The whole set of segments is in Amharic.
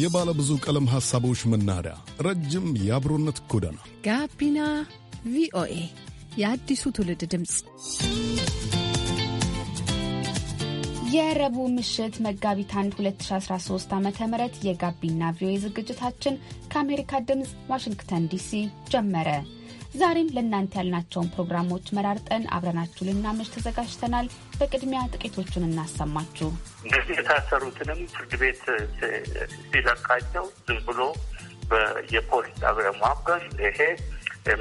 የባለ ብዙ ቀለም ሐሳቦች መናኸሪያ፣ ረጅም የአብሮነት ጎዳና ጋቢና ቪኦኤ የአዲሱ ትውልድ ድምፅ። የረቡዕ ምሽት መጋቢት 1 2013 ዓ ም የጋቢና ቪኦኤ ዝግጅታችን ከአሜሪካ ድምፅ ዋሽንግተን ዲሲ ጀመረ። ዛሬም ለእናንተ ያልናቸውን ፕሮግራሞች መራርጠን አብረናችሁ ልናመሽ ተዘጋጅተናል። በቅድሚያ ጥቂቶቹን እናሰማችሁ። እንግዲህ የታሰሩትንም ፍርድ ቤት ሲለቃቸው ዝም ብሎ የፖሊስ ጣቢያ ማብቀል ይሄ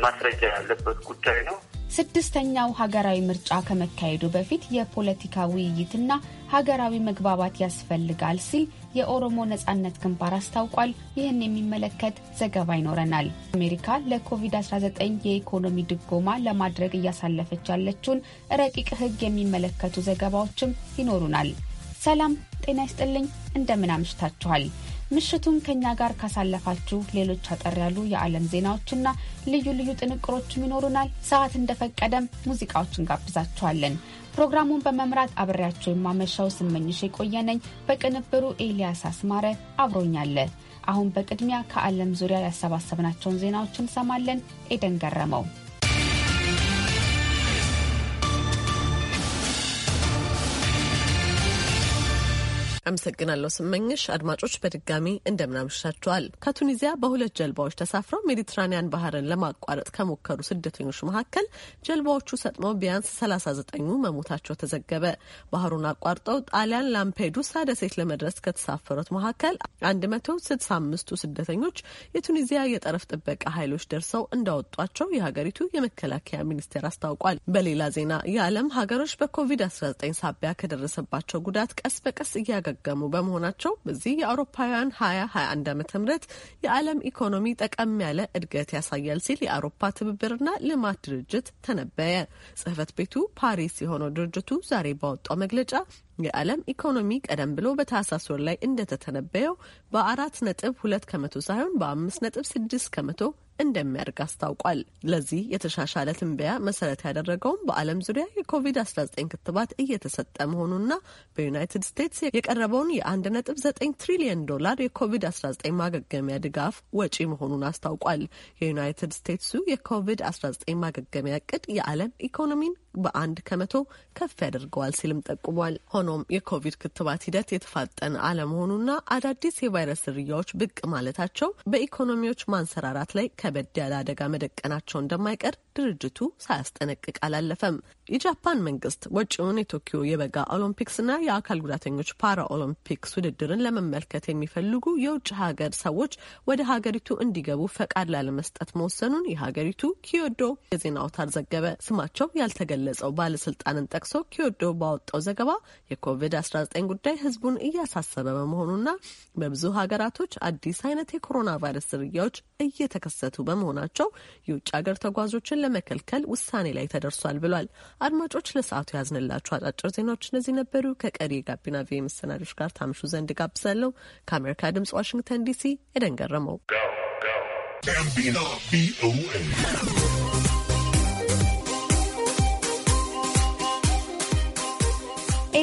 ማስረጃ ያለበት ጉዳይ ነው። ስድስተኛው ሀገራዊ ምርጫ ከመካሄዱ በፊት የፖለቲካ ውይይትና ሀገራዊ መግባባት ያስፈልጋል ሲል የኦሮሞ ነጻነት ግንባር አስታውቋል። ይህን የሚመለከት ዘገባ ይኖረናል። አሜሪካ ለኮቪድ-19 የኢኮኖሚ ድጎማ ለማድረግ እያሳለፈች ያለችውን ረቂቅ ሕግ የሚመለከቱ ዘገባዎችም ይኖሩናል። ሰላም ጤና ይስጥልኝ። እንደምን አምሽታችኋል? ምሽቱን ከእኛ ጋር ካሳለፋችሁ ሌሎች አጠር ያሉ የዓለም ዜናዎችና ልዩ ልዩ ጥንቅሮችም ይኖሩናል። ሰዓት እንደፈቀደም ሙዚቃዎችን ጋብዛችኋለን። ፕሮግራሙን በመምራት አብሬያቸው የማመሻው ስመኝሽ የቆየነኝ፣ በቅንብሩ ኤልያስ አስማረ አብሮኛለ። አሁን በቅድሚያ ከዓለም ዙሪያ ያሰባሰብናቸውን ዜናዎች እንሰማለን። ኤደን ገረመው አመሰግናለሁ ስመኝሽ። አድማጮች በድጋሚ እንደምናመሻችኋል። ከቱኒዚያ በሁለት ጀልባዎች ተሳፍረው ሜዲትራኒያን ባህርን ለማቋረጥ ከሞከሩ ስደተኞች መካከል ጀልባዎቹ ሰጥመው ቢያንስ 39ኙ መሞታቸው ተዘገበ። ባህሩን አቋርጠው ጣሊያን ላምፔዱሳ ደሴት ለመድረስ ከተሳፈሩት መካከል 165ቱ ስደተኞች የቱኒዚያ የጠረፍ ጥበቃ ኃይሎች ደርሰው እንዳወጧቸው የሀገሪቱ የመከላከያ ሚኒስቴር አስታውቋል። በሌላ ዜና የዓለም ሀገሮች በኮቪድ-19 ሳቢያ ከደረሰባቸው ጉዳት ቀስ በቀስ እያገ የተዘገሙ በመሆናቸው በዚህ የአውሮፓውያን 2021 ዓ.ም የዓለም ኢኮኖሚ ጠቀም ያለ እድገት ያሳያል ሲል የአውሮፓ ትብብርና ልማት ድርጅት ተነበየ። ጽህፈት ቤቱ ፓሪስ የሆነው ድርጅቱ ዛሬ ባወጣው መግለጫ የዓለም ኢኮኖሚ ቀደም ብሎ በታህሳስ ወር ላይ እንደተተነበየው በአራት ነጥብ ሁለት ከመቶ ሳይሆን በአምስት ነጥብ ስድስት ከመቶ እንደሚያደርግ አስታውቋል። ለዚህ የተሻሻለ ትንበያ መሰረት ያደረገውም በዓለም ዙሪያ የኮቪድ-19 ክትባት እየተሰጠ መሆኑና በዩናይትድ ስቴትስ የቀረበውን የ1.9 ትሪሊየን ዶላር የኮቪድ-19 ማገገሚያ ድጋፍ ወጪ መሆኑን አስታውቋል። የዩናይትድ ስቴትሱ የኮቪድ-19 ማገገሚያ እቅድ የዓለም ኢኮኖሚን በአንድ ከመቶ ከፍ ያደርገዋል ሲልም ጠቁሟል። ሆኖም የኮቪድ ክትባት ሂደት የተፋጠነ አለመሆኑና አዳዲስ የቫይረስ ዝርያዎች ብቅ ማለታቸው በኢኮኖሚዎች ማንሰራራት ላይ ከበድ ያለ አደጋ መደቀናቸው እንደማይቀር ድርጅቱ ሳያስጠነቅቅ አላለፈም። የጃፓን መንግስት ወጪውን የቶኪዮ የበጋ ኦሎምፒክስና የአካል ጉዳተኞች ፓራ ኦሎምፒክስ ውድድርን ለመመልከት የሚፈልጉ የውጭ ሀገር ሰዎች ወደ ሀገሪቱ እንዲገቡ ፈቃድ ላለመስጠት መወሰኑን የሀገሪቱ ኪዮዶ የዜና አውታር ዘገበ። ስማቸው ያልተገለጸው ባለስልጣንን ጠቅሶ ኪዮዶ ባወጣው ዘገባ የኮቪድ-19 ጉዳይ ህዝቡን እያሳሰበ በመሆኑና በብዙ ሀገራቶች አዲስ አይነት የኮሮና ቫይረስ ዝርያዎች እየተከሰቱ በመሆናቸው የውጭ ሀገር ተጓዦችን ለመከልከል ውሳኔ ላይ ተደርሷል ብሏል። አድማጮች ለሰዓቱ ያዝንላችሁ አጫጭር ዜናዎች እነዚህ ነበሩ። ከቀሪ የጋቢና ቪ መሰናዶች ጋር ታምሹ ዘንድ ጋብዛለሁ። ከአሜሪካ ድምጽ ዋሽንግተን ዲሲ ኤደን ገረመው።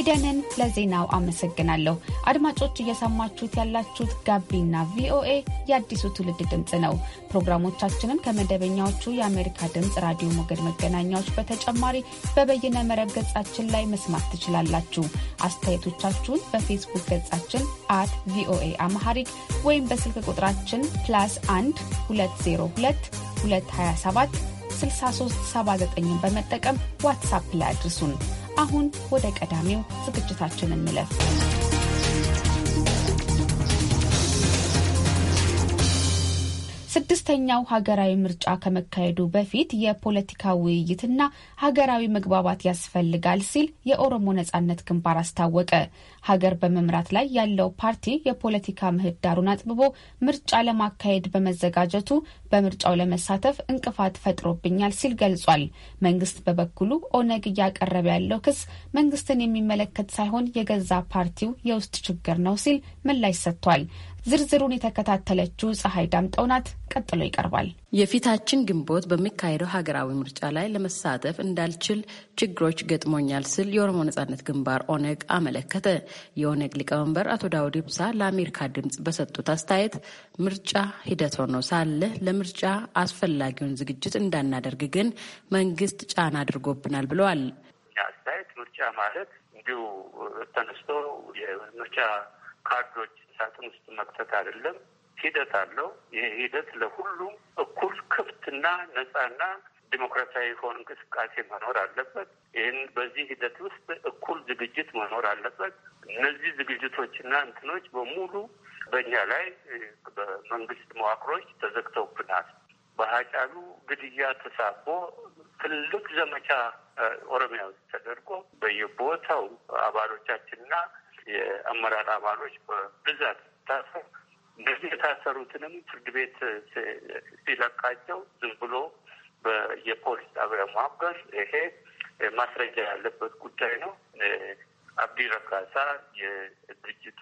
ኤደንን ለዜናው አመሰግናለሁ። አድማጮች እየሰማችሁት ያላችሁት ጋቢና ቪኦኤ የአዲሱ ትውልድ ድምፅ ነው። ፕሮግራሞቻችንን ከመደበኛዎቹ የአሜሪካ ድምፅ ራዲዮ ሞገድ መገናኛዎች በተጨማሪ በበይነ መረብ ገጻችን ላይ መስማት ትችላላችሁ። አስተያየቶቻችሁን በፌስቡክ ገጻችን አት ቪኦኤ አማሐሪክ ወይም በስልክ ቁጥራችን ፕላስ 1 202 227 6379 በመጠቀም ዋትሳፕ ላይ አድርሱን። አሁን ወደ ቀዳሚው ዝግጅታችን እንለፍ። ስድስተኛው ሀገራዊ ምርጫ ከመካሄዱ በፊት የፖለቲካ ውይይትና ሀገራዊ መግባባት ያስፈልጋል ሲል የኦሮሞ ነጻነት ግንባር አስታወቀ። ሀገር በመምራት ላይ ያለው ፓርቲ የፖለቲካ ምህዳሩን አጥብቦ ምርጫ ለማካሄድ በመዘጋጀቱ በምርጫው ለመሳተፍ እንቅፋት ፈጥሮብኛል ሲል ገልጿል። መንግስት በበኩሉ ኦነግ እያቀረበ ያለው ክስ መንግስትን የሚመለከት ሳይሆን የገዛ ፓርቲው የውስጥ ችግር ነው ሲል ምላሽ ሰጥቷል። ዝርዝሩን የተከታተለችው ፀሐይ ዳምጠው ናት። ቀጥሎ ይቀርባል። የፊታችን ግንቦት በሚካሄደው ሀገራዊ ምርጫ ላይ ለመሳተፍ እንዳልችል ችግሮች ገጥሞኛል ስል የኦሮሞ ነጻነት ግንባር ኦነግ አመለከተ። የኦነግ ሊቀመንበር አቶ ዳውድ ኢብሳ ለአሜሪካ ድምፅ በሰጡት አስተያየት ምርጫ ሂደት ሆኖ ሳለ ለምርጫ አስፈላጊውን ዝግጅት እንዳናደርግ ግን መንግስት ጫና አድርጎብናል ብለዋል። አስተያየት ምርጫ ማለት እንዲሁ ተነስቶ የምርጫ ካርዶች ሳጥን ውስጥ መክተት አይደለም። ሂደት አለው። ይህ ሂደት ለሁሉም እኩል ክፍትና ነጻና ዲሞክራሲያዊ የሆነ እንቅስቃሴ መኖር አለበት። ይህን በዚህ ሂደት ውስጥ እኩል ዝግጅት መኖር አለበት። እነዚህ ዝግጅቶችና እንትኖች በሙሉ በእኛ ላይ በመንግስት መዋቅሮች ተዘግተውብናል። በሀጫሉ ግድያ ተሳቦ ትልቅ ዘመቻ ኦሮሚያ ውስጥ ተደርጎ በየቦታው አባሎቻችንና የአመራር አባሎች በብዛት ታሰ እንደዚህ የታሰሩትንም ፍርድ ቤት ሲለቃቸው ዝም ብሎ የፖሊስ ጣቢያ ማብቀር ይሄ ማስረጃ ያለበት ጉዳይ ነው። አብዲ ረካሳ የድርጅቱ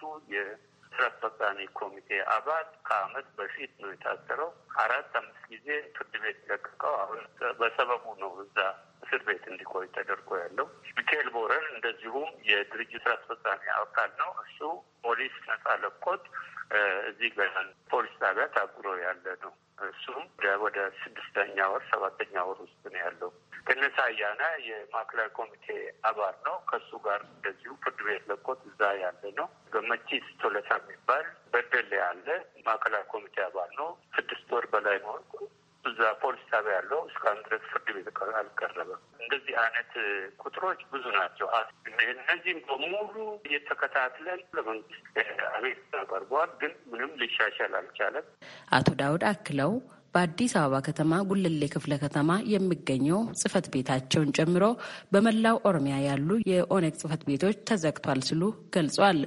ስራ አስፈጻሚ ኮሚቴ አባል ከአመት በፊት ነው የታሰረው። አራት አምስት ጊዜ ፍርድ ቤት ለቅቀው አሁን በሰበቡ ነው እዛ እስር ቤት እንዲቆይ ተደርጎ ያለው። ሚካኤል ቦረን እንደዚሁም የድርጅት ስራ አስፈጻሚ አካል ነው። እሱ ፖሊስ ነጻ ለቆት እዚህ በፖሊስ ጣቢያ ታጉሮ ያለ ነው። እሱም ወደ ስድስተኛ ወር ሰባተኛ ወር ውስጥ ነው ያለው። ከነሳ አያና የማዕከላዊ ኮሚቴ አባል ነው። ከእሱ ጋር እንደዚሁ ፍርድ ቤት ለቆት እዛ ያለ ነው። በመቺስ ቶለታ የሚባል በደል ያለ ማዕከላዊ ኮሚቴ አባል ነው። ስድስት ወር በላይ መሆን እዛ ፖሊስ ጣቢያ ያለው እስካሁን ድረስ ፍርድ ቤት አልቀረበም። እንደዚህ አይነት ቁጥሮች ብዙ ናቸው። እነዚህም በሙሉ እየተከታትለን ለመንግስት አቤት ቀርበዋል፣ ግን ምንም ሊሻሻል አልቻለም። አቶ ዳውድ አክለው በአዲስ አበባ ከተማ ጉልሌ ክፍለ ከተማ የሚገኘው ጽህፈት ቤታቸውን ጨምሮ በመላው ኦሮሚያ ያሉ የኦነግ ጽህፈት ቤቶች ተዘግቷል ሲሉ ገልጿል።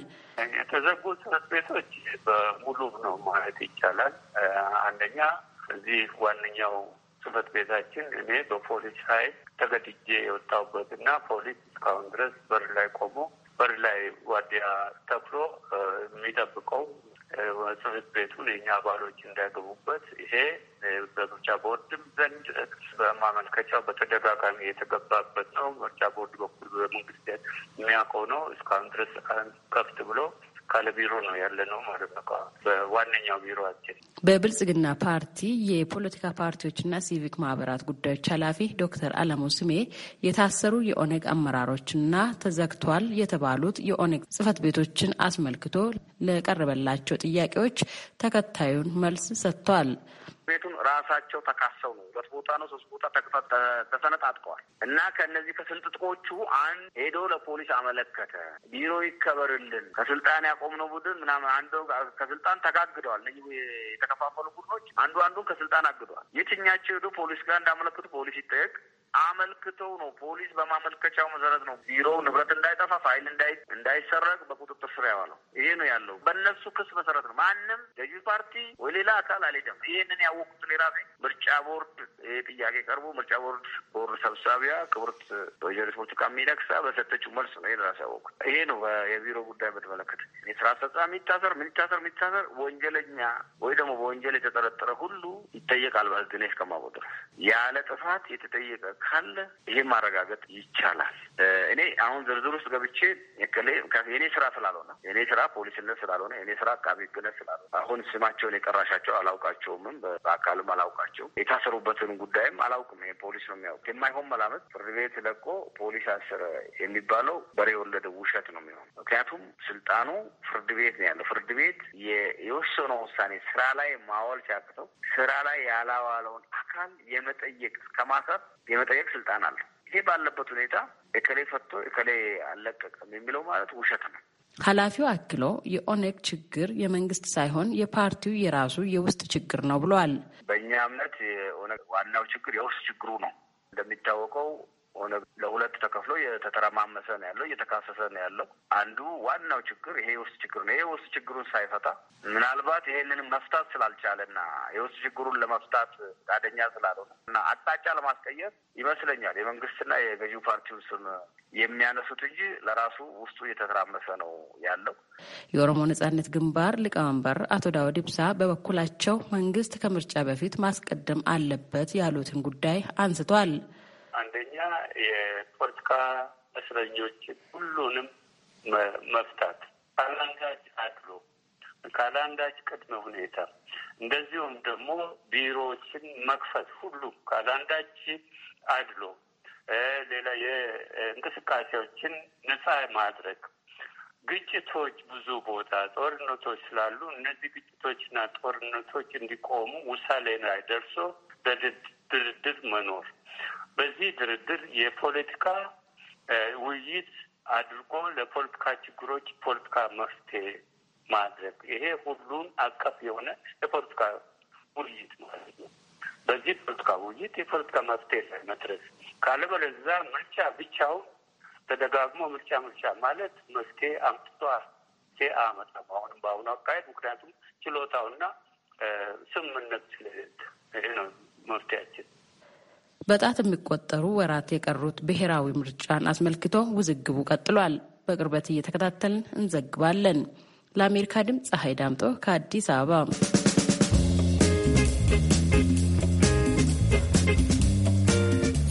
የተዘጉ ጽህፈት ቤቶች በሙሉ ነው ማለት ይቻላል። አንደኛ እዚህ ዋነኛው ጽህፈት ቤታችን እኔ በፖሊስ ኃይል ተገድጄ የወጣሁበት እና ፖሊስ እስካሁን ድረስ በር ላይ ቆሞ በር ላይ ዋዲያ ተክሎ የሚጠብቀው ጽህፈት ቤቱን የኛ አባሎች እንዳይገቡበት ይሄ በምርጫ ቦርድም ዘንድ በማመልከቻው በተደጋጋሚ የተገባበት ነው። ምርጫ ቦርድ በኩል በመንግስት የሚያውቀው ነው። እስካሁን ድረስ ከፍት ብሎ ካለ ቢሮ ነው ያለ ነው ማለት ነው። በዋነኛው ቢሮችን በብልጽግና ፓርቲ የፖለቲካ ፓርቲዎችና ሲቪክ ማህበራት ጉዳዮች ኃላፊ ዶክተር አለሙ ስሜ የታሰሩ የኦነግ አመራሮችና ተዘግቷል የተባሉት የኦነግ ጽህፈት ቤቶችን አስመልክቶ ለቀረበላቸው ጥያቄዎች ተከታዩን መልስ ሰጥቷል። ቤቱን ራሳቸው ተካሰው ነው። ሁለት ቦታ ነው፣ ሶስት ቦታ ተሰነጣጥቀዋል። እና ከእነዚህ ከስንጥጥቆቹ አንድ ሄዶ ለፖሊስ አመለከተ። ቢሮ ይከበርልን፣ ከስልጣን ያቆምነው ቡድን ምናምን አንዱ ከስልጣን ተጋግደዋል። የተከፋፈሉ ቡድኖች አንዱ አንዱን ከስልጣን አግደዋል። የትኛቸው ሄዶ ፖሊስ ጋር እንዳመለክቱ ፖሊስ ይጠየቅ አመልክተው ነው ፖሊስ በማመልከቻው መሰረት ነው ቢሮው ንብረት እንዳይጠፋ ፋይል እንዳይ እንዳይሰረቅ በቁጥጥር ስር ያዋለው። ይሄ ነው ያለው። በእነሱ ክስ መሰረት ነው። ማንም ገዢ ፓርቲ ወይ ሌላ አካል አልሄደም። ይሄንን ያወቁት ራሴ ምርጫ ቦርድ ይሄ ጥያቄ ቀርቦ ምርጫ ቦርድ ቦርድ ሰብሳቢያ ክብርት ወይዘሪት ብርቱካን ሚደቅሳ በሰጠችው መልስ ነው ይሄን ራሴ ያወቁት። ይሄ ነው የቢሮ ጉዳይ በተመለከተ የስራ አስፈጻሚ የሚታሰር ምንታሰር የሚታሰር ወንጀለኛ ወይ ደግሞ በወንጀል የተጠረጠረ ሁሉ ይጠየቃል። ባዝድኔ እስከማወቅ ድረስ ያለ ጥፋት የተጠየቀ ካለ ይሄን ማረጋገጥ ይቻላል። እኔ አሁን ዝርዝር ውስጥ ገብቼ የኔ ስራ ስላልሆነ የኔ ስራ ፖሊስነት ስላልሆነ የኔ ስራ አቃቢ ህግነት ስላልሆነ አሁን ስማቸውን የጠራሻቸው አላውቃቸውምም፣ በአካልም አላውቃቸው የታሰሩበትን ጉዳይም አላውቅም። ፖሊስ ነው የሚያውቅ። የማይሆን መላመት ፍርድ ቤት ለቆ ፖሊስ አስረ የሚባለው በሬ የወለደ ውሸት ነው የሚሆን። ምክንያቱም ስልጣኑ ፍርድ ቤት ነው ያለው። ፍርድ ቤት የወሰነው ውሳኔ ስራ ላይ ማዋል ሲያቅተው ስራ ላይ ያላዋለውን አካል የመጠየቅ እስከማሰር የመጠየቅ ስልጣን አለ። ይሄ ባለበት ሁኔታ እከሌ ፈቶ እከሌ አልለቀቀም የሚለው ማለት ውሸት ነው። ኃላፊው አክሎ የኦነግ ችግር የመንግስት ሳይሆን የፓርቲው የራሱ የውስጥ ችግር ነው ብለዋል። በእኛ እምነት የኦነግ ዋናው ችግር የውስጥ ችግሩ ነው። እንደሚታወቀው ሆነ ለሁለት ተከፍሎ የተተረማመሰ ነው ያለው፣ እየተካሰሰ ነው ያለው። አንዱ ዋናው ችግር ይሄ የውስጥ ችግር ነው። ይሄ የውስጥ ችግሩን ሳይፈታ ምናልባት ይሄንን መፍታት ስላልቻለና የውስጥ ችግሩን ለመፍታት ፈቃደኛ ስላልሆነ እና አቅጣጫ ለማስቀየር ይመስለኛል የመንግስትና የገዢው ፓርቲውን ስም የሚያነሱት እንጂ ለራሱ ውስጡ እየተተራመሰ ነው ያለው። የኦሮሞ ነጻነት ግንባር ሊቀመንበር አቶ ዳውድ ኢብሳ በበኩላቸው መንግስት ከምርጫ በፊት ማስቀደም አለበት ያሉትን ጉዳይ አንስቷል አንደኛ የፖለቲካ እስረኞችን ሁሉንም መፍታት ካላንዳጅ አድሎ ካላንዳጅ ቅድመ ሁኔታ እንደዚሁም ደግሞ ቢሮዎችን መክፈት ሁሉም ካላንዳጅ አድሎ ሌላ የእንቅስቃሴዎችን ነፃ ማድረግ ግጭቶች ብዙ ቦታ ጦርነቶች ስላሉ እነዚህ ግጭቶችና ጦርነቶች እንዲቆሙ ውሳኔ ላይ ደርሶ በድርድር መኖር በዚህ ድርድር የፖለቲካ ውይይት አድርጎ ለፖለቲካ ችግሮች ፖለቲካ መፍትሄ ማድረግ ይሄ ሁሉን አቀፍ የሆነ የፖለቲካ ውይይት ማለት ነው። በዚህ ፖለቲካ ውይይት የፖለቲካ መፍትሄ ላይ መድረስ ካለበለዛ ምርጫ ብቻውን ተደጋግሞ ምርጫ ምርጫ ማለት መፍትሄ አምጥቶ ሴ አመጣ አሁንም በአሁኑ አካሄድ ምክንያቱም ችሎታውና ስምምነት ስለሌለ ይሄ ነው መፍትያችን። በጣት የሚቆጠሩ ወራት የቀሩት ብሔራዊ ምርጫን አስመልክቶ ውዝግቡ ቀጥሏል። በቅርበት እየተከታተልን እንዘግባለን። ለአሜሪካ ድምፅ ፀሐይ ዳምጦ ከአዲስ አበባ።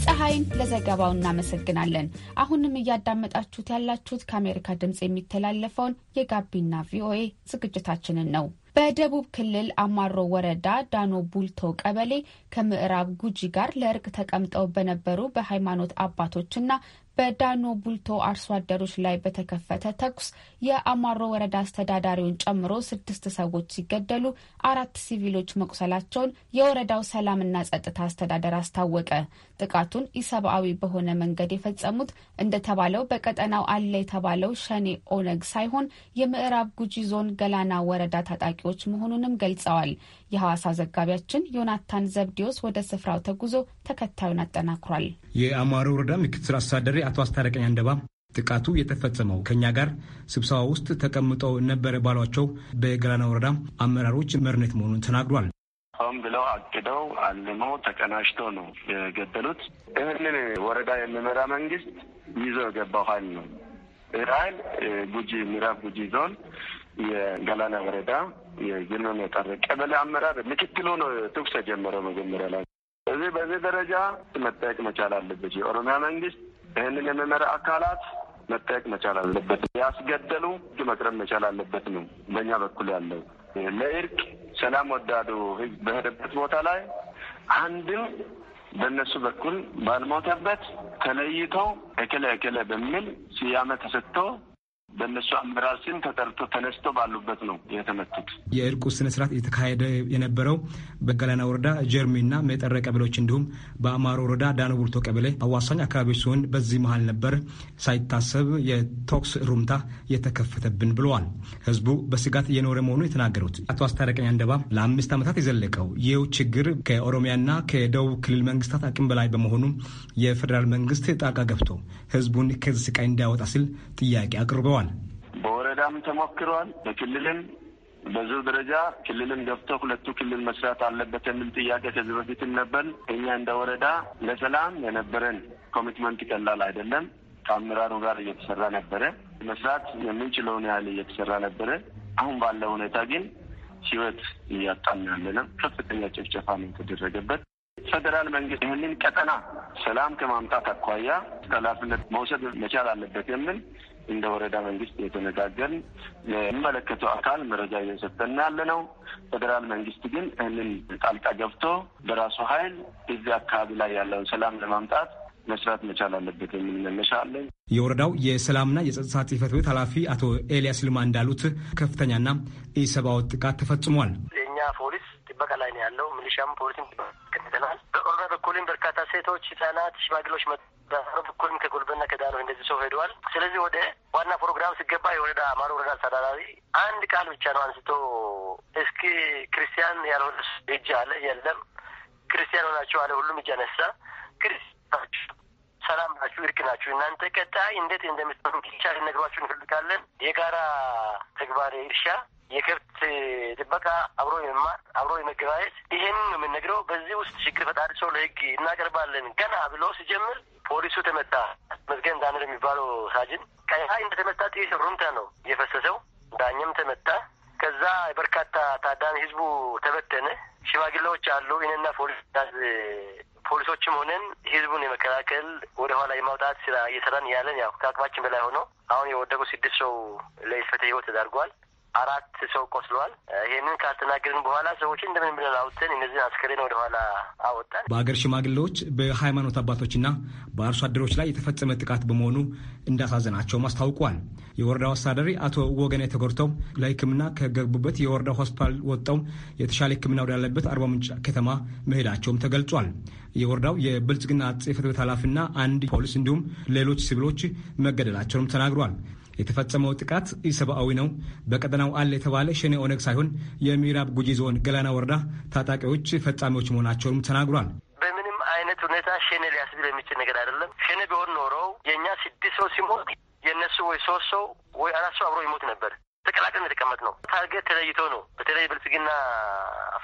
ፀሐይን ለዘገባው እናመሰግናለን። አሁንም እያዳመጣችሁት ያላችሁት ከአሜሪካ ድምፅ የሚተላለፈውን የጋቢና ቪኦኤ ዝግጅታችንን ነው። በደቡብ ክልል አማሮ ወረዳ ዳኖ ቡልቶ ቀበሌ ከምዕራብ ጉጂ ጋር ለእርቅ ተቀምጠው በነበሩ በሃይማኖት አባቶችና በዳኖ ቡልቶ አርሶ አደሮች ላይ በተከፈተ ተኩስ የአማሮ ወረዳ አስተዳዳሪውን ጨምሮ ስድስት ሰዎች ሲገደሉ አራት ሲቪሎች መቁሰላቸውን የወረዳው ሰላምና ጸጥታ አስተዳደር አስታወቀ። ጥቃቱን ኢሰብአዊ በሆነ መንገድ የፈጸሙት እንደተባለው በቀጠናው አለ የተባለው ሸኔ ኦነግ ሳይሆን የምዕራብ ጉጂ ዞን ገላና ወረዳ ታጣቂዎች መሆኑንም ገልጸዋል። የሐዋሳ ዘጋቢያችን ዮናታን ዘብዲዮስ ወደ ስፍራው ተጉዞ ተከታዩን አጠናክሯል። የአማሮ ወረዳ ምክትል አስተዳዳሪ አቶ አስታረቀኝ አንደባ ጥቃቱ የተፈጸመው ከእኛ ጋር ስብሰባ ውስጥ ተቀምጠው ነበረ ባሏቸው በገላና ወረዳ አመራሮች መርነት መሆኑን ተናግሯል። ሆን ብለው አቅደው አልሞ ተቀናጅተው ነው የገደሉት። ይህንን ወረዳ የሚመራ መንግስት ይዞ የገባው ኃይል ነው። ኃይል ጉጂ ምዕራብ ጉጂ ዞን የገላና ወረዳ የጅኖን የጠር ቀበሌ አመራር ምክትል ሆኖ ተኩስ ተጀመረው መጀመሪያ ላይ። እዚህ በዚህ ደረጃ መጠየቅ መቻል አለበት። የኦሮሚያ መንግስት ይህንን የመመሪያ አካላት መጠየቅ መቻል አለበት። ያስገደሉ መቅረብ መቻል አለበት ነው በእኛ በኩል ያለው። ለእርቅ ሰላም ወዳዱ ህዝብ በሄደበት ቦታ ላይ አንድም በእነሱ በኩል ባልሞተበት ተለይተው እክለ እክለ በሚል ስያሜ ተሰጥቶ በእነሱ አመራር ስም ተጠርቶ ተነስቶ ባሉበት ነው የተመቱት። የእርቁ ስነስርዓት የተካሄደ የነበረው በገላና ወረዳ ጀርሚና መጠረ ቀበሌዎች እንዲሁም በአማሮ ወረዳ ዳኖ ቀበሌ አዋሳኝ አካባቢዎች ሲሆን በዚህ መሀል ነበር ሳይታሰብ የቶክስ ሩምታ የተከፈተብን ብለዋል። ህዝቡ በስጋት እየኖረ መሆኑ የተናገሩት አቶ አስታረቀኝ አንደባ ለአምስት ዓመታት የዘለቀው ይኸው ችግር ከኦሮሚያና ከደቡብ ክልል መንግስታት አቅም በላይ በመሆኑ የፌዴራል መንግስት ጣልቃ ገብቶ ህዝቡን ከዚህ ስቃይ እንዳያወጣ ሲል ጥያቄ አቅርበዋል። ተናግረዋል። በወረዳም ተሞክሯል። በክልልም በዙ ደረጃ ክልልም ገብቶ ሁለቱ ክልል መስራት አለበት የሚል ጥያቄ ከዚህ በፊትም ነበር። እኛ እንደ ወረዳ ለሰላም የነበረን ኮሚትመንት ቀላል አይደለም። ከአመራሩ ጋር እየተሰራ ነበረ። መስራት የምንችለውን ያህል እየተሰራ ነበረ። አሁን ባለው ሁኔታ ግን ህይወት እያጣን ያለ ነው። ከፍተኛ ጭፍጨፋ ነው የተደረገበት። ፌዴራል መንግስት ይህንን ቀጠና ሰላም ከማምጣት አኳያ ኃላፊነት መውሰድ መቻል አለበት የሚል እንደ ወረዳ መንግስት የተነጋገርን ለሚመለከተው አካል መረጃ እየሰጠን ያለ ነው። ፌዴራል መንግስት ግን ይህንን ጣልቃ ገብቶ በራሱ ኃይል እዚህ አካባቢ ላይ ያለውን ሰላም ለማምጣት መስራት መቻል አለበት የሚል መነሻ አለን። የወረዳው የሰላምና የጸጥታ ጽህፈት ቤት ኃላፊ አቶ ኤልያስ ልማ እንዳሉት ከፍተኛና ኢሰብአዊ ጥቃት ተፈጽሟል። የእኛ ፖሊስ ጥበቃ ላይ ነው ያለው። ሚሊሻም ፖሊስም ይከተላል። በኦሮሚያ በኩልም በርካታ ሴቶች፣ ህጻናት፣ ሽማግሌዎች በሰሩ በኩልም ከጎልበና ከዳኖ እንደዚህ ሰው ሄደዋል። ስለዚህ ወደ ዋና ፕሮግራም ሲገባ የወረዳ ማሮ ወረዳ አስተዳዳሪ አንድ ቃል ብቻ ነው አንስቶ እስኪ ክርስቲያን ያልሆነ እጅ አለ የለም ክርስቲያን ሆናችሁ አለ ሁሉም እጅ አነሳ። ክርስቲያናችሁ ሰላም ናችሁ፣ እርቅ ናችሁ። እናንተ ቀጣይ እንዴት እንደምትሆኑ ብቻ ልነግሯችሁ እንፈልጋለን። የጋራ ተግባር እርሻ፣ የከብት ጥበቃ፣ አብሮ የመማር አብሮ የመገባየት ይሄን የምንነግረው። በዚህ ውስጥ ችግር ፈጣሪ ሰው ለህግ እናቀርባለን ገና ብሎ ሲጀምር ፖሊሱ ተመታ። መዝገን ዳምር የሚባለው ሳጅን ቀይ እንደተመታ ጥይት ሩምታ ነው እየፈሰሰው። ዳኛም ተመታ። ከዛ በርካታ ታዳሚ ህዝቡ ተበተነ። ሽማግሌዎች አሉ። ይህንና ፖሊስ ፖሊሶችም ሆነን ህዝቡን የመከላከል ወደ ኋላ የማውጣት ስራ እየሰራን ያለን ያው ከአቅማችን በላይ ሆኖ አሁን የወደቁ ስድስት ሰው ለህልፈተ ህይወት ተዳርጓል። አራት ሰው ቆስለዋል። ይህንን ካስተናገድን በኋላ ሰዎችን እንደምን ብለን አውጥተን እነዚህን አስከሬን ወደኋላ አወጣን። በሀገር ሽማግሌዎች፣ በሃይማኖት አባቶችና በአርሶ አደሮች ላይ የተፈጸመ ጥቃት በመሆኑ እንዳሳዘናቸውም አስታውቋል። የወረዳው አስተዳዳሪ አቶ ወገኔ የተጎድተው ለሕክምና ከገቡበት የወረዳ ሆስፒታል ወጥተው የተሻለ ሕክምና ወዳለበት አርባ ምንጭ ከተማ መሄዳቸውም ተገልጿል። የወረዳው የብልጽግና ጽሕፈት ቤት ኃላፊና አንድ ፖሊስ እንዲሁም ሌሎች ሲቪሎች መገደላቸውንም ተናግሯል። የተፈጸመው ጥቃት ኢሰብአዊ ነው። በቀጠናው አለ የተባለ ሸኔ ኦነግ ሳይሆን የምዕራብ ጉጂ ዞን ገላና ወረዳ ታጣቂዎች ፈጻሚዎች መሆናቸውንም ተናግሯል። በሚያስደስት ሁኔታ ሸኔ ሊያስብል የሚችል ነገር አይደለም። ሸኔ ቢሆን ኖረው የእኛ ስድስት ሰው ሲሞት የእነሱ ወይ ሶስት ሰው ወይ አራት ሰው አብሮ ይሞት ነበር። ተቀላቅለን የተቀመጥ ነው። ታርጌት ተለይቶ ነው። በተለይ ብልጽግና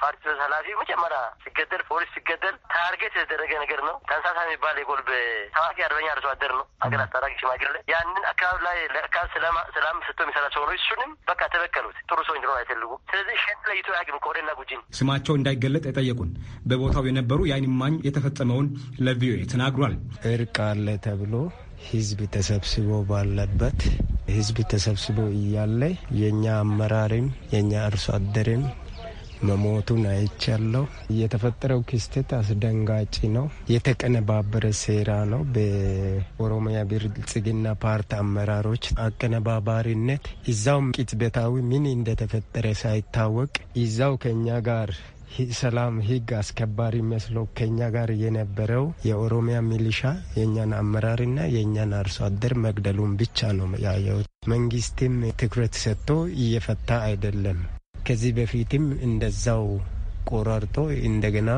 ፓርቲ ኃላፊ መጀመሪያ ሲገደል፣ ፖሊስ ሲገደል ታርጌት የተደረገ ነገር ነው። ተንሳሳ የሚባል የጎልብ ታዋቂ አርበኛ አርሶ አደር ነው፣ አገር አስታራቂ ሽማግሌ። ያንን አካባቢ ላይ ለአካባቢ ሰላም ሰጥቶ የሚሰራ ሰው ነው። እሱንም በቃ ተበቀሉት። ጥሩ ሰው እንዲኖር አይፈልጉም። ስለዚህ ሸጥ ለይቶ ያግም ኮሬና ጉጂን ስማቸው እንዳይገለጥ የጠየቁን በቦታው የነበሩ የአይን እማኝ የተፈጸመውን ለቪኦኤ ተናግሯል። እርቅ አለ ተብሎ ህዝብ ተሰብስቦ ባለበት ህዝብ ተሰብስቦ እያለ የእኛ አመራርም የእኛ አርሶ አደርም መሞቱን አይቻለሁ። የተፈጠረው ክስተት አስደንጋጭ ነው። የተቀነባበረ ሴራ ነው። በኦሮሚያ ብልጽግና ፓርቲ አመራሮች አቀነባባሪነት እዛውም ቅጽበታዊ ምን እንደተፈጠረ ሳይታወቅ እዛው ከኛ ጋር ሰላም ሕግ አስከባሪ መስሎ ከኛ ጋር የነበረው የኦሮሚያ ሚሊሻ የእኛን አመራርና የእኛን አርሶ አደር መግደሉን ብቻ ነው ያየሁት። መንግስትም ትኩረት ሰጥቶ እየፈታ አይደለም። ከዚህ በፊትም እንደዛው ቆራርጦ እንደገና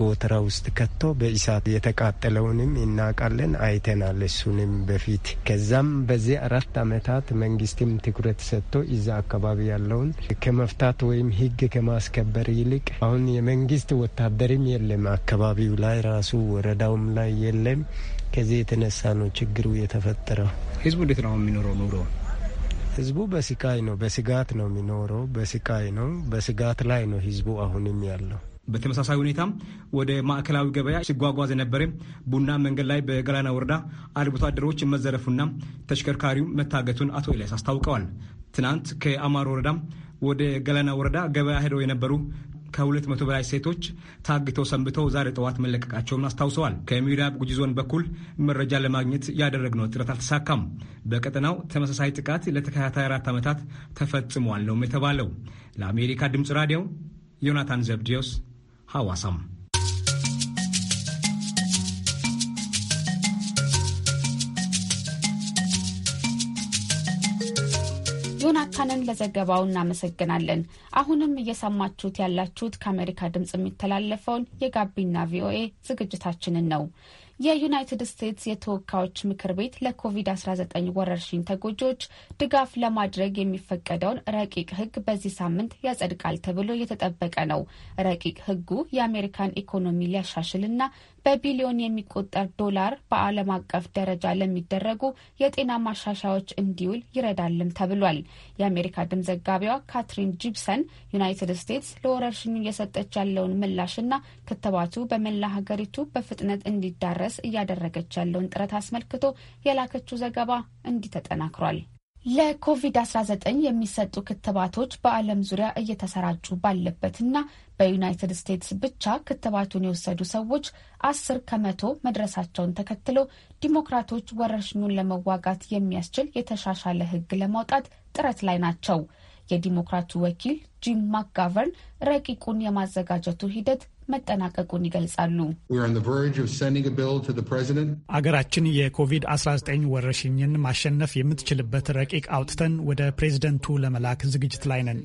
ጎተራ ውስጥ ከቶ በእሳት የተቃጠለውንም እናውቃለን፣ አይተናል። እሱንም በፊት ከዛም በዚህ አራት አመታት መንግስትም ትኩረት ሰጥቶ እዛ አካባቢ ያለውን ከመፍታት ወይም ህግ ከማስከበር ይልቅ አሁን የመንግስት ወታደርም የለም አካባቢው ላይ ራሱ ወረዳውም ላይ የለም። ከዚህ የተነሳ ነው ችግሩ የተፈጠረው። ህዝቡ እንዴት ነው የሚኖረው ኑሮውን ህዝቡ በስቃይ ነው፣ በስጋት ነው የሚኖረው። በስቃይ ነው፣ በስጋት ላይ ነው ህዝቡ አሁንም ያለው። በተመሳሳይ ሁኔታም ወደ ማዕከላዊ ገበያ ሲጓጓዝ የነበረ ቡና መንገድ ላይ በገላና ወረዳ አርብቶ አደሮች መዘረፉና ተሽከርካሪው መታገቱን አቶ ኤልያስ አስታውቀዋል። ትናንት ከአማር ወረዳ ወደ ገላና ወረዳ ገበያ ሄደው የነበሩ ከሁለት መቶ በላይ ሴቶች ታግተው ሰንብተው ዛሬ ጠዋት መለቀቃቸውን አስታውሰዋል። ከምዕራብ ጉጂ ዞን በኩል መረጃ ለማግኘት ያደረግነው ጥረት አልተሳካም። በቀጠናው ተመሳሳይ ጥቃት ለተከታታይ አራት ዓመታት ተፈጽሟል ነውም የተባለው። ለአሜሪካ ድምፅ ራዲዮ ዮናታን ዘብዲዮስ ሐዋሳም ዮናታንን ለዘገባው እናመሰግናለን። አሁንም እየሰማችሁት ያላችሁት ከአሜሪካ ድምፅ የሚተላለፈውን የጋቢና ቪኦኤ ዝግጅታችንን ነው። የዩናይትድ ስቴትስ የተወካዮች ምክር ቤት ለኮቪድ-19 ወረርሽኝ ተጎጂዎች ድጋፍ ለማድረግ የሚፈቀደውን ረቂቅ ሕግ በዚህ ሳምንት ያጸድቃል ተብሎ እየተጠበቀ ነው። ረቂቅ ሕጉ የአሜሪካን ኢኮኖሚ ሊያሻሽልና በቢሊዮን የሚቆጠር ዶላር በዓለም አቀፍ ደረጃ ለሚደረጉ የጤና ማሻሻያዎች እንዲውል ይረዳልም ተብሏል። የአሜሪካ ድምፅ ዘጋቢዋ ካትሪን ጂፕሰን ዩናይትድ ስቴትስ ለወረርሽኙ እየሰጠች ያለውን ምላሽና ክትባቱ በመላ ሀገሪቱ በፍጥነት እንዲዳረስ እያደረገች ያለውን ጥረት አስመልክቶ የላከችው ዘገባ እንዲህ ተጠናክሯል። ለኮቪድ-19 የሚሰጡ ክትባቶች በዓለም ዙሪያ እየተሰራጩ ባለበትና በዩናይትድ ስቴትስ ብቻ ክትባቱን የወሰዱ ሰዎች አስር ከመቶ መድረሳቸውን ተከትሎ ዲሞክራቶች ወረርሽኙን ለመዋጋት የሚያስችል የተሻሻለ ሕግ ለማውጣት ጥረት ላይ ናቸው። የዲሞክራቱ ወኪል ጂም ማክጋቨርን ረቂቁን የማዘጋጀቱ ሂደት መጠናቀቁን ይገልጻሉ። አገራችን የኮቪድ-19 ወረርሽኝን ማሸነፍ የምትችልበት ረቂቅ አውጥተን ወደ ፕሬዝደንቱ ለመላክ ዝግጅት ላይ ነን።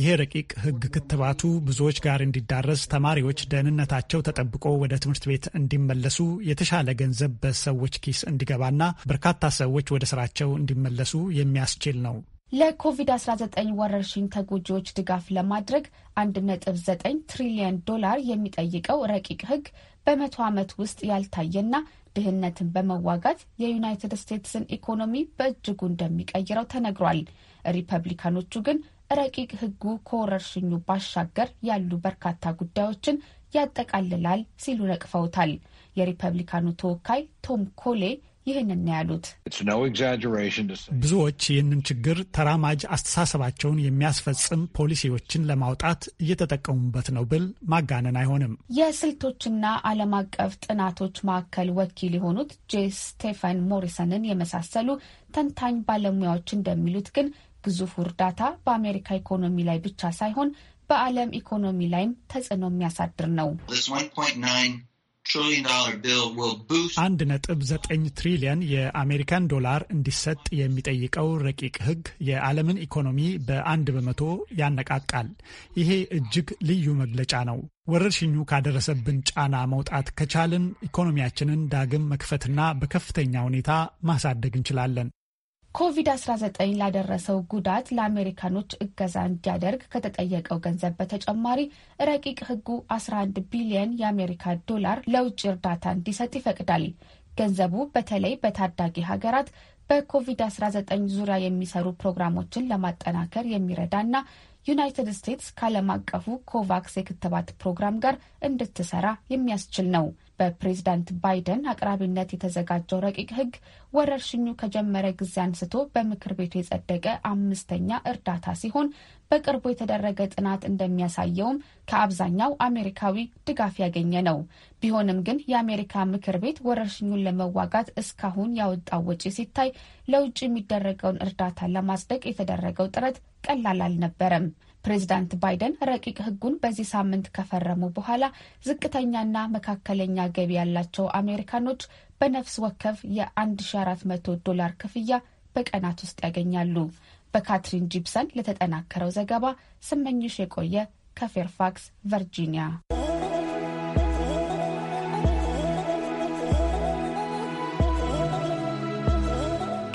ይሄ ረቂቅ ሕግ ክትባቱ ብዙዎች ጋር እንዲዳረስ፣ ተማሪዎች ደህንነታቸው ተጠብቆ ወደ ትምህርት ቤት እንዲመለሱ፣ የተሻለ ገንዘብ በሰዎች ኪስ እንዲገባና በርካታ ሰዎች ወደ ስራቸው እንዲመለሱ የሚያስችል ነው። ለኮቪድ-19 ወረርሽኝ ተጎጂዎች ድጋፍ ለማድረግ 1.9 ትሪሊየን ዶላር የሚጠይቀው ረቂቅ ሕግ በመቶ ዓመት ውስጥ ያልታየና ድህነትን በመዋጋት የዩናይትድ ስቴትስን ኢኮኖሚ በእጅጉ እንደሚቀይረው ተነግሯል። ሪፐብሊካኖቹ ግን ረቂቅ ሕጉ ከወረርሽኙ ባሻገር ያሉ በርካታ ጉዳዮችን ያጠቃልላል ሲሉ ነቅፈውታል። የሪፐብሊካኑ ተወካይ ቶም ኮሌ ይህንን ያሉት ብዙዎች ይህንን ችግር ተራማጅ አስተሳሰባቸውን የሚያስፈጽም ፖሊሲዎችን ለማውጣት እየተጠቀሙበት ነው ብል ማጋነን አይሆንም። የስልቶችና ዓለም አቀፍ ጥናቶች ማዕከል ወኪል የሆኑት ጄ ስቴፈን ሞሪሰንን የመሳሰሉ ተንታኝ ባለሙያዎች እንደሚሉት ግን ግዙፍ እርዳታ በአሜሪካ ኢኮኖሚ ላይ ብቻ ሳይሆን በዓለም ኢኮኖሚ ላይም ተጽዕኖ የሚያሳድር ነው። አንድ ነጥብ ዘጠኝ ትሪሊየን የአሜሪካን ዶላር እንዲሰጥ የሚጠይቀው ረቂቅ ሕግ የዓለምን ኢኮኖሚ በአንድ በመቶ ያነቃቃል። ይሄ እጅግ ልዩ መግለጫ ነው። ወረርሽኙ ካደረሰብን ጫና መውጣት ከቻልን ኢኮኖሚያችንን ዳግም መክፈትና በከፍተኛ ሁኔታ ማሳደግ እንችላለን። ኮቪድ-19 ላደረሰው ጉዳት ለአሜሪካኖች እገዛ እንዲያደርግ ከተጠየቀው ገንዘብ በተጨማሪ ረቂቅ ሕጉ 11 ቢሊየን የአሜሪካ ዶላር ለውጭ እርዳታ እንዲሰጥ ይፈቅዳል። ገንዘቡ በተለይ በታዳጊ ሀገራት በኮቪድ-19 ዙሪያ የሚሰሩ ፕሮግራሞችን ለማጠናከር የሚረዳና ዩናይትድ ስቴትስ ከዓለም አቀፉ ኮቫክስ የክትባት ፕሮግራም ጋር እንድትሰራ የሚያስችል ነው። በፕሬዝዳንት ባይደን አቅራቢነት የተዘጋጀው ረቂቅ ህግ። ወረርሽኙ ከጀመረ ጊዜ አንስቶ በምክር ቤቱ የጸደቀ አምስተኛ እርዳታ ሲሆን በቅርቡ የተደረገ ጥናት እንደሚያሳየውም ከአብዛኛው አሜሪካዊ ድጋፍ ያገኘ ነው። ቢሆንም ግን የአሜሪካ ምክር ቤት ወረርሽኙን ለመዋጋት እስካሁን ያወጣው ወጪ ሲታይ ለውጭ የሚደረገውን እርዳታ ለማጽደቅ የተደረገው ጥረት ቀላል አልነበረም። ፕሬዚዳንት ባይደን ረቂቅ ሕጉን በዚህ ሳምንት ከፈረሙ በኋላ ዝቅተኛና መካከለኛ ገቢ ያላቸው አሜሪካኖች በነፍስ ወከፍ የ1400 ዶላር ክፍያ በቀናት ውስጥ ያገኛሉ። በካትሪን ጂፕሰን ለተጠናከረው ዘገባ ስመኝሽ የቆየ ከፌርፋክስ ቨርጂኒያ።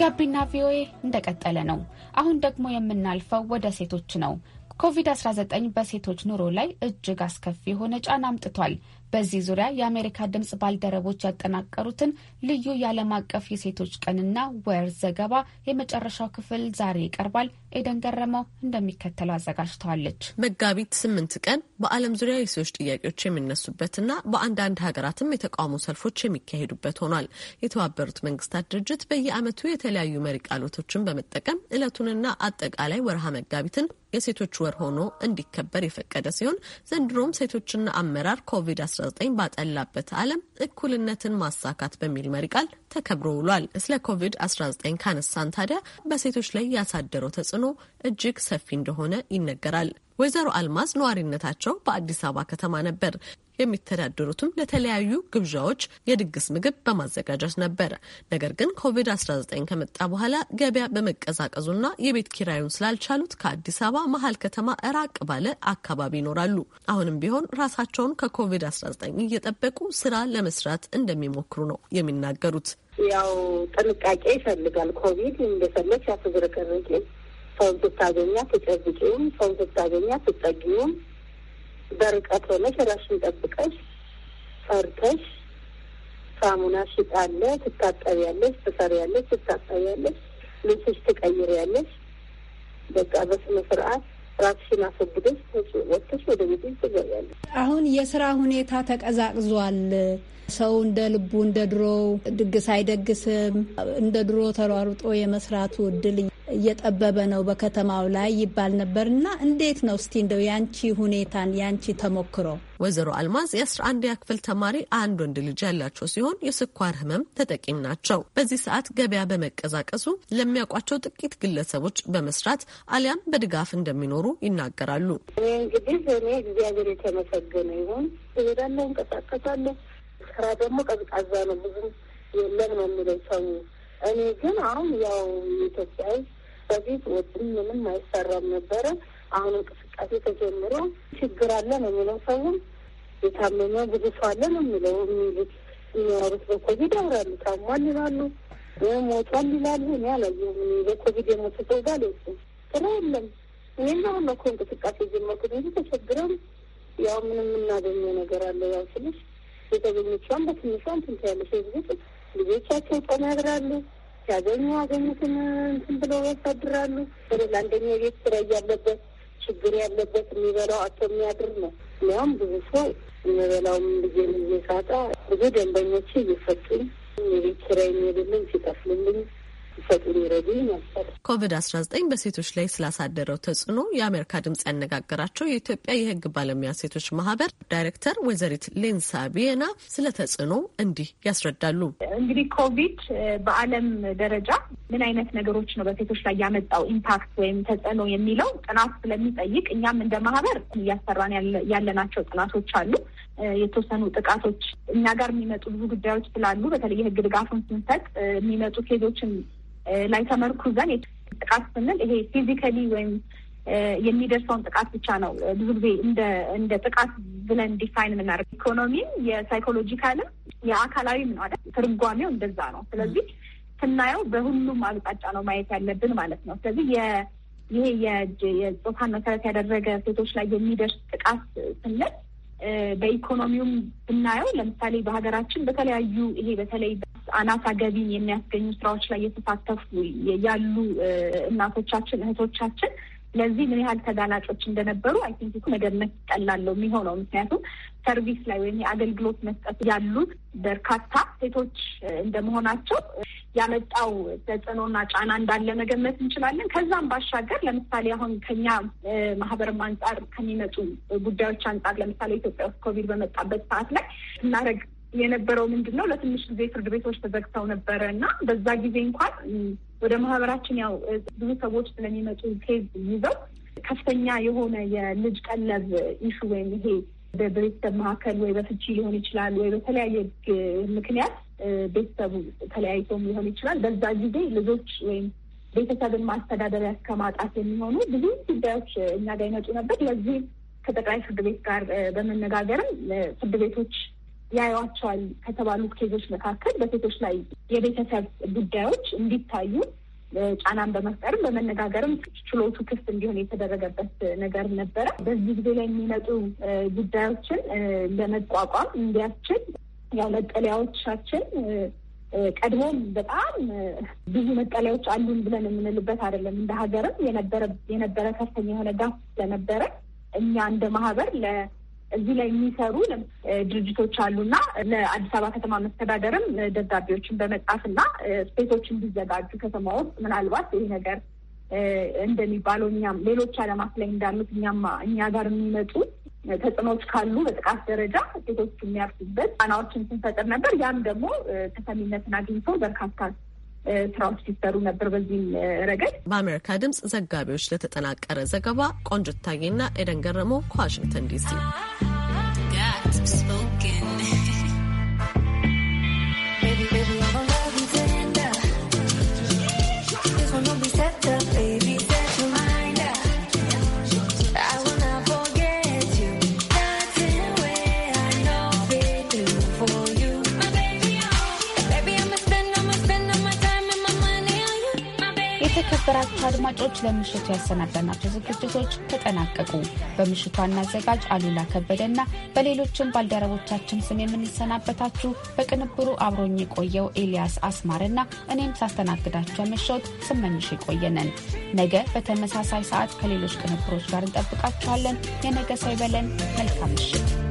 ጋቢና ቪኦኤ እንደቀጠለ ነው። አሁን ደግሞ የምናልፈው ወደ ሴቶች ነው። ኮቪድ-19 በሴቶች ኑሮ ላይ እጅግ አስከፊ የሆነ ጫና አምጥቷል። በዚህ ዙሪያ የአሜሪካ ድምጽ ባልደረቦች ያጠናቀሩትን ልዩ የዓለም አቀፍ የሴቶች ቀንና ወር ዘገባ የመጨረሻው ክፍል ዛሬ ይቀርባል። ኤደን ገረመው እንደሚከተለው አዘጋጅተዋለች። መጋቢት ስምንት ቀን በዓለም ዙሪያ የሴቶች ጥያቄዎች የሚነሱበትና በአንዳንድ ሀገራትም የተቃውሞ ሰልፎች የሚካሄዱበት ሆኗል። የተባበሩት መንግስታት ድርጅት በየዓመቱ የተለያዩ መሪ ቃሎቶችን በመጠቀም እለቱንና አጠቃላይ ወርሃ መጋቢትን የሴቶች ወር ሆኖ እንዲከበር የፈቀደ ሲሆን ዘንድሮም ሴቶችና አመራር ኮቪድ-19 ባጠላበት ዓለም እኩልነትን ማሳካት በሚል መሪ ቃል ተከብሮ ውሏል። ስለ ኮቪድ-19 ካነሳን ታዲያ በሴቶች ላይ ያሳደረው ተጽዕኖ እጅግ ሰፊ እንደሆነ ይነገራል። ወይዘሮ አልማዝ ነዋሪነታቸው በአዲስ አበባ ከተማ ነበር። የሚተዳደሩትም ለተለያዩ ግብዣዎች የድግስ ምግብ በማዘጋጀት ነበረ። ነገር ግን ኮቪድ-19 ከመጣ በኋላ ገበያ በመቀዛቀዙና የቤት ኪራዩን ስላልቻሉት ከአዲስ አበባ መሀል ከተማ ራቅ ባለ አካባቢ ይኖራሉ። አሁንም ቢሆን ራሳቸውን ከኮቪድ-19 እየጠበቁ ስራ ለመስራት እንደሚሞክሩ ነው የሚናገሩት። ያው ጥንቃቄ ይፈልጋል። ኮቪድ እንደሰለች ያተዝረቀረቂ ሰውን ስታገኛ ትጨብጭውም፣ ሰውን ስታገኛ ትጠጊውም በርቀት ሆነሽ ራስሽን ጠብቀሽ ፈርተሽ ሳሙና ሽጣለ ትታጠቢያለሽ፣ ትሰሪያለሽ፣ ትታጠቢያለሽ፣ ልብስሽ ትቀይሪያለሽ። በቃ በስነ ስርዓት ራስሽን አስወግደሽ ወጥተሽ ወደ ቤትሽ ትገቢያለሽ። አሁን የስራ ሁኔታ ተቀዛቅዟል። ሰው እንደ ልቡ እንደ ድሮ ድግስ አይደግስም። እንደ ድሮ ተሯሩጦ የመስራቱ እድል እየጠበበ ነው በከተማው ላይ ይባል ነበር ነበርና እንዴት ነው እስቲ እንደው ያንቺ ሁኔታን ያንቺ ተሞክሮ? ወይዘሮ አልማዝ የ11ኛ ክፍል ተማሪ አንድ ወንድ ልጅ ያላቸው ሲሆን የስኳር ህመም ተጠቂም ናቸው። በዚህ ሰዓት ገበያ በመቀዛቀሱ ለሚያውቋቸው ጥቂት ግለሰቦች በመስራት አሊያም በድጋፍ እንደሚኖሩ ይናገራሉ። እኔ እንግዲህ እኔ እግዚአብሔር የተመሰገነ ይሁን እሄዳለሁ፣ እንቀሳቀሳለሁ። ስራ ደግሞ ቀዝቃዛ ነው ብዙም የለም ነው የሚለው ሰው። እኔ ግን አሁን ያው ኢትዮጵያ በፊት ወድም ምንም አይሰራም ነበረ። አሁን እንቅስቃሴ ተጀምሮ ችግር አለ ነው የሚለው ሰውም የታመመ ብዙ ሰው አለ ነው የሚለው የሚሉት የሚኖሩት በኮቪድ ያወራሉ። ታሟል ይላሉ፣ ሞቷል ይላሉ። እኔ አላየሁም። በኮቪድ የሞተ ሰው ጋር ሌሱ ስራ የለም። ይህን አሁን ነው እኮ እንቅስቃሴ ጀመርኩት እንጂ ተቸግረም ያው ምንም የምናገኘው ነገር አለ ያው ስልሽ የተገኘችን በትንሿን ትንታያለች ህዝብ ልጆቻቸው ቀን ያድራሉ ሲያገኙ አገኙትን እንትን ብለው ያሳድራሉ። ስለዚ አንደኛ የቤት ስራ እያለበት ችግር ያለበት የሚበላው አቶ የሚያድር ነው። እንዲያውም ብዙ ሰው የሚበላውም ልጄ ልዬ ሳጣ ብዙ ደንበኞች እየፈጡኝ የቤት ስራ የሚሄድልኝ ሲጠፍልልኝ ኮቪድ 19 በሴቶች ላይ ስላሳደረው ተጽዕኖ የአሜሪካ ድምጽ ያነጋገራቸው የኢትዮጵያ የህግ ባለሙያ ሴቶች ማህበር ዳይሬክተር ወይዘሪት ሌንሳ ቢየና ስለ ተጽዕኖ እንዲህ ያስረዳሉ። እንግዲህ ኮቪድ በዓለም ደረጃ ምን አይነት ነገሮች ነው በሴቶች ላይ ያመጣው ኢምፓክት ወይም ተጽዕኖ የሚለው ጥናት ስለሚጠይቅ እኛም እንደ ማህበር እያሰራን ያለናቸው ጥናቶች አሉ። የተወሰኑ ጥቃቶች እኛ ጋር የሚመጡ ብዙ ጉዳዮች ስላሉ በተለይ የህግ ድጋፉን ስንሰጥ የሚመጡ ኬዞችን ላይ ተመርኩዘን ጥቃት ስንል ይሄ ፊዚካሊ ወይም የሚደርሰውን ጥቃት ብቻ ነው ብዙ ጊዜ እንደ ጥቃት ብለን ዲፋይን የምናደርግ። ኢኮኖሚም የሳይኮሎጂካልም የአካላዊም ነው አይደል? ትርጓሜው እንደዛ ነው። ስለዚህ ስናየው በሁሉም አቅጣጫ ነው ማየት ያለብን ማለት ነው። ስለዚህ ይሄ የጾታን መሰረት ያደረገ ሴቶች ላይ የሚደርስ ጥቃት ስንል በኢኮኖሚውም ብናየው ለምሳሌ በሀገራችን በተለያዩ ይሄ በተለይ አናሳ ገቢን የሚያስገኙ ስራዎች ላይ እየተሳተፉ ያሉ እናቶቻችን እህቶቻችን ለዚህ ምን ያህል ተጋላጮች እንደነበሩ አይ ቲንክ መገመት ይቀላለው የሚሆነው ምክንያቱም ሰርቪስ ላይ ወይም የአገልግሎት መስጠት ያሉት በርካታ ሴቶች እንደመሆናቸው ያመጣው ተጽዕኖና ጫና እንዳለ መገመት እንችላለን። ከዛም ባሻገር ለምሳሌ አሁን ከኛ ማህበርም አንጻር ከሚመጡ ጉዳዮች አንጻር ለምሳሌ ኢትዮጵያ ውስጥ ኮቪድ በመጣበት ሰዓት ላይ እናረግ የነበረው ምንድን ነው ለትንሽ ጊዜ ፍርድ ቤቶች ተዘግተው ነበረ እና በዛ ጊዜ እንኳን ወደ ማህበራችን ያው ብዙ ሰዎች ስለሚመጡ ኬዝ ይዘው ከፍተኛ የሆነ የልጅ ቀለብ ኢሹ ወይም ይሄ በቤተሰብ መካከል ወይ በፍቺ ሊሆን ይችላል ወይ በተለያየ ምክንያት ቤተሰቡ ተለያይቶም ሊሆን ይችላል። በዛ ጊዜ ልጆች ወይም ቤተሰብን ማስተዳደሪያ እስከማጣት የሚሆኑ ብዙ ጉዳዮች እኛ ጋር ይመጡ ነበር። ለዚህ ከጠቅላይ ፍርድ ቤት ጋር በመነጋገርም ፍርድ ቤቶች ያዩቸዋል ከተባሉ ኬዞች መካከል በሴቶች ላይ የቤተሰብ ጉዳዮች እንዲታዩ ጫናን በመፍጠርም በመነጋገርም ችሎቱ ክፍት እንዲሆን የተደረገበት ነገር ነበረ። በዚህ ጊዜ ላይ የሚመጡ ጉዳዮችን ለመቋቋም እንዲያስችል ያው መጠለያዎቻችን ቀድሞም በጣም ብዙ መጠለያዎች አሉን ብለን የምንልበት አይደለም። እንደ ሀገርም የነበረ ከፍተኛ የሆነ ጋፍ ስለነበረ እኛ እንደ ማህበር እዚህ ላይ የሚሰሩ ድርጅቶች አሉና ለአዲስ አበባ ከተማ መስተዳደርም ደብዳቤዎችን በመጻፍና ስፔሶች እንዲዘጋጁ ከተማ ውስጥ ምናልባት ይህ ነገር እንደሚባለው እኛም ሌሎች አለማት ላይ እንዳሉት እኛማ እኛ ጋር የሚመጡ ተጽዕኖዎች ካሉ በጥቃት ደረጃ ሴቶች የሚያርሱበት ጫናዎችን ስንፈጥር ነበር። ያም ደግሞ ተሰሚነትን አግኝቶ በርካታ ስራዎች ሲሰሩ ነበር። በዚህም ረገድ በአሜሪካ ድምፅ ዘጋቢዎች ለተጠናቀረ ዘገባ ቆንጅታዬና ኤደን ገረመው ከዋሽንግተን ዲሲ አድማጮች ለምሽቱ ያሰናዳናቸው ዝግጅቶች ተጠናቀቁ። በምሽቱ አናዘጋጅ አሉላ ከበደና በሌሎችም ባልደረቦቻችን ስም የምንሰናበታችሁ በቅንብሩ አብሮኝ የቆየው ኤልያስ አስማርና እኔም ሳስተናግዳችሁ ምሽት ስመኝሽ የቆየነን። ነገ በተመሳሳይ ሰዓት ከሌሎች ቅንብሮች ጋር እንጠብቃችኋለን። የነገ ሰው ይበለን። መልካም ምሽት።